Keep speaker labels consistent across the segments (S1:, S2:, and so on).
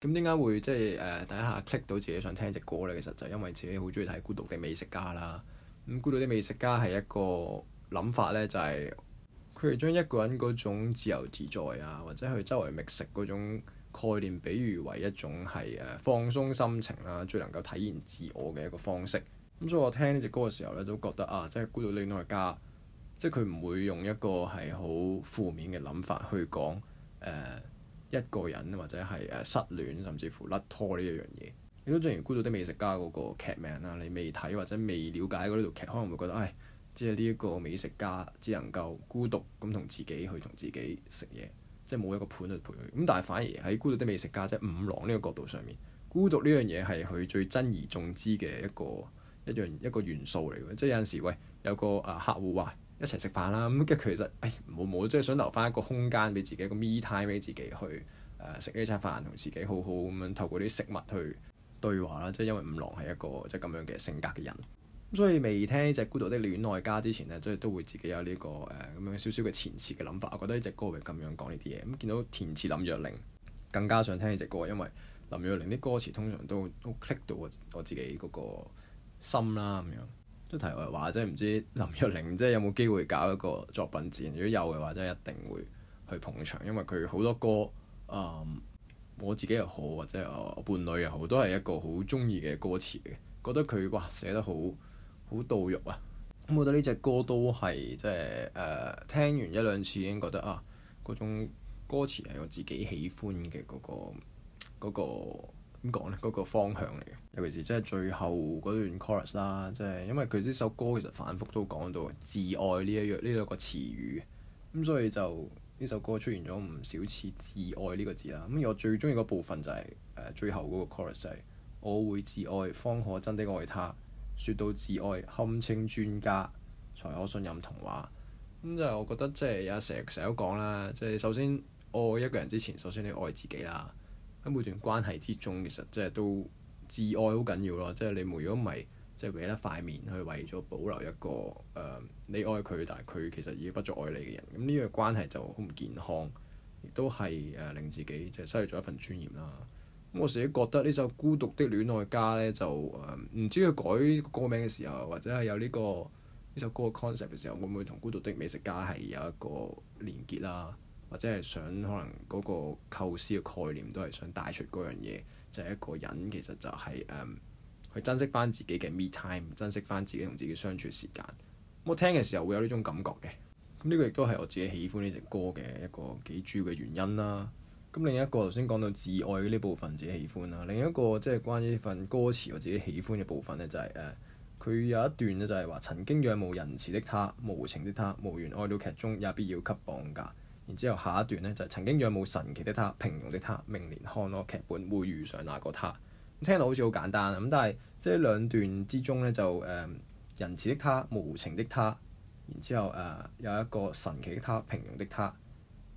S1: 咁點解會即係誒，呃、第一下 click 到自己想聽隻歌呢？其實就因為自己好中意睇《孤獨的美食家》啦。咁、嗯《孤獨的美食家》係一個諗法呢就係佢哋將一個人嗰種自由自在啊，或者去周圍覓食嗰種概念，比喻為一種係誒、呃、放鬆心情啦、啊，最能夠體現自我嘅一個方式。咁、嗯、所以我聽呢隻歌嘅時候呢，都覺得啊，即係《孤獨的美食家》，即係佢唔會用一個係好負面嘅諗法去講誒。呃一個人或者係誒失戀甚至乎甩拖呢一樣嘢，你都正如《孤獨的美食家》嗰、那個劇名啦，你未睇或者未了解過呢套劇，可能會覺得，唉，只係呢一個美食家只能夠孤獨咁同自己去同自己食嘢，即係冇一個伴嚟陪佢。咁但係反而喺《孤獨的美食家》即係五郎呢個角度上面，孤獨呢樣嘢係佢最珍而重之嘅一個一樣一個元素嚟嘅，即係有陣時，喂，有個啊客戶話。一齊食飯啦，咁跟住其實誒冇冇，即係想留翻一個空間俾自己一個 me time 俾自己去誒食呢餐飯，同自己好好咁樣透過啲食物去對話啦。即係因為五郎係一個即係咁樣嘅性格嘅人，所以未聽隻《孤獨的戀愛家》之前呢，即係都會自己有呢、這個誒咁、呃、樣少少嘅前詞嘅諗法。我覺得呢隻歌會咁樣講呢啲嘢。咁見到填詞林若寧更加想聽呢隻歌，因為林若寧啲歌詞通常都，都 click 到我，我自己嗰個心啦咁樣。即題外話，即唔知林若寧，即係有冇機會搞一個作品展？如果有嘅話，真係一定會去捧場，因為佢好多歌啊、嗯，我自己又好或者啊伴侶又好，都係一個好中意嘅歌詞嘅。覺得佢哇寫得好，好到肉啊！咁我覺得呢隻歌都係即係誒聽完一兩次已經覺得啊，嗰種歌詞係我自己喜歡嘅嗰個嗰個。那個點講呢？嗰、那個方向嚟嘅，尤其是即係最後嗰段 chorus 啦，即、就、係、是、因為佢呢首歌其實反覆都講到自愛呢一樣呢兩個詞語，咁所以就呢首歌出現咗唔少次自愛呢個字啦。咁我最中意個部分就係、是、誒、呃、最後嗰個 chorus 係、就是：我會自愛，方可真的愛他。説到自愛，堪稱專家，才可信任童話。咁就係我覺得即係有成成日都講啦，即、就、係、是、首先愛一個人之前，首先你要愛自己啦。咁每段關係之中，其實即係都自愛好緊要咯。即係你，如果唔係即係捨得塊面去為咗保留一個誒、呃，你愛佢，但係佢其實已經不再愛你嘅人。咁呢個關係就好唔健康，亦都係誒令自己即係失去咗一份尊嚴啦。咁我自己覺得呢首《孤獨的戀愛家》呢，就誒唔、呃、知佢改歌名嘅時候，或者係有呢、呢個呢首歌嘅 concept 嘅時候，會唔會同《孤獨的美食家》係有一個連結啦？或者係想可能嗰個構思嘅概念都係想帶出嗰樣嘢，就係、是、一個人其實就係、是、誒、um，去珍惜翻自己嘅 me time，珍惜翻自己同自己相處時間。我聽嘅時候會有呢種感覺嘅，咁呢個亦都係我自己喜歡呢隻歌嘅一個幾主要嘅原因啦。咁另一個頭先講到自愛嘅呢部分自己喜歡啦，另一個即係、就是、關於份歌詞我自己喜歡嘅部分呢就係誒佢有一段呢，就係話曾經仰慕仁慈的他，無情的他無緣愛到劇中，也必要給綁架。然之後下一段咧就係，曾經仰冇神奇的他，平庸的他，明年看咯劇本會遇上那個他。咁聽落好似好簡單，咁但係即係兩段之中咧就誒、仁、呃、慈的他，無情的他，然之後誒、呃、有一個神奇的他，平庸的他，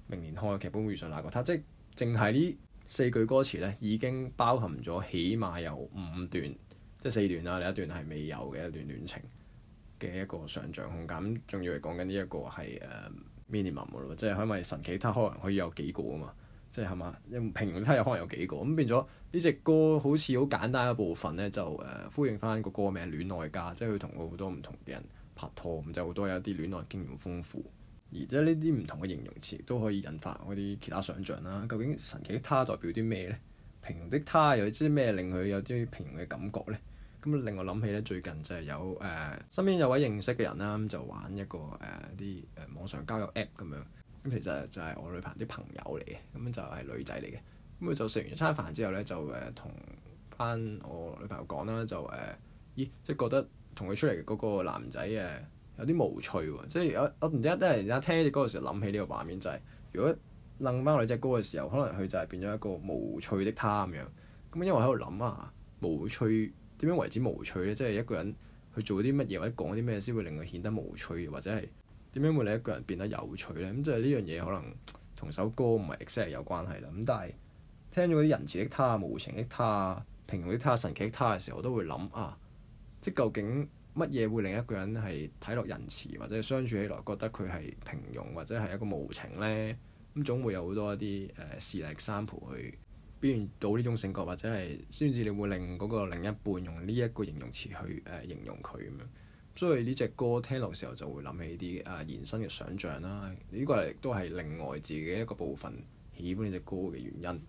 S1: 明年看劇本會遇上那個他。即係淨係呢四句歌詞咧已經包含咗起碼有五段，即係四段啦，另一段係未有嘅一段戀情嘅一個想像空間。仲要係講緊呢一個係誒、呃 minimum 即係因為神奇他可能可以有幾個啊嘛，即係係嘛，平庸他又可能有幾個。咁變咗呢隻歌好似好簡單嘅部分咧，就誒、呃、呼應翻個歌名《戀愛家》，即係佢同好多唔同嘅人拍拖咁，就好多有啲戀愛經驗豐富，而即係呢啲唔同嘅形容詞都可以引發我啲其他想像啦。究竟神奇他代表啲咩咧？平庸的他，他有啲咩令佢有啲平庸嘅感覺咧？咁令我諗起咧，最近就係有誒身邊有位認識嘅人啦，咁就玩一個誒啲誒網上交友 app 咁樣。咁其實就係我女朋友啲朋友嚟嘅，咁就係女仔嚟嘅。咁佢就食完餐飯之後咧，就誒同翻我女朋友講啦，就誒、呃、咦即係覺得同佢出嚟嗰個男仔嘅、呃、有啲無趣喎。即係我我唔知一得係而家聽呢隻歌嘅時候諗起呢個畫面就係、是，如果擸翻女仔歌嘅時候，可能佢就係變咗一個無趣的他咁樣。咁因為我喺度諗啊，無趣。點樣為之無趣呢？即係一個人去做啲乜嘢或者講啲咩先會令佢顯得無趣，或者係點樣會令一個人變得有趣呢？咁即係呢樣嘢可能同首歌唔係 exactly 有關係啦。咁但係聽咗啲仁慈的他、無情的他、平庸的他、神奇的他嘅時候，我都會諗啊，即究竟乜嘢會令一個人係睇落仁慈，或者相處起來覺得佢係平庸，或者係一個無情呢？咁總會有好多一啲誒事例三倍。呃表現到呢種性格，或者係先至你會令嗰個另一半用呢一個形容詞去誒、啊、形容佢咁樣。所以呢隻歌聽落時候就會諗起啲啊延伸嘅想像啦。呢、啊呢個亦都係另外自己一個部分喜歡呢隻歌嘅原因。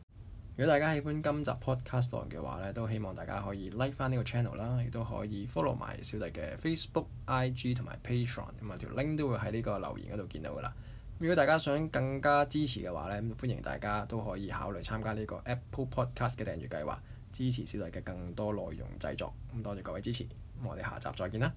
S1: 如果大家喜歡今集 podcast 嘅話咧，都希望大家可以 like 返呢個 channel 啦，亦都可以 follow 埋小弟嘅 Facebook、IG 同埋 Patreon，咁啊條 link 都會喺呢個留言嗰度見到噶啦。如果大家想更加支持嘅話咧，歡迎大家都可以考慮參加呢個 Apple Podcast 嘅訂閱計劃，支持小弟嘅更多內容製作。咁多謝各位支持，我哋下集再見啦。